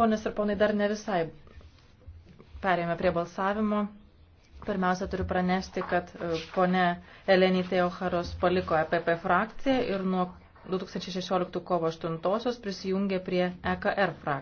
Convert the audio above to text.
Ponės ir ponai, dar ne visai perėjome prie balsavimo. Pirmiausia, turiu pranešti, kad e, ponė Elenytė Oharos paliko EPP frakciją ir nuo 2016 kovo 8 prisijungė prie EKR frakcijos.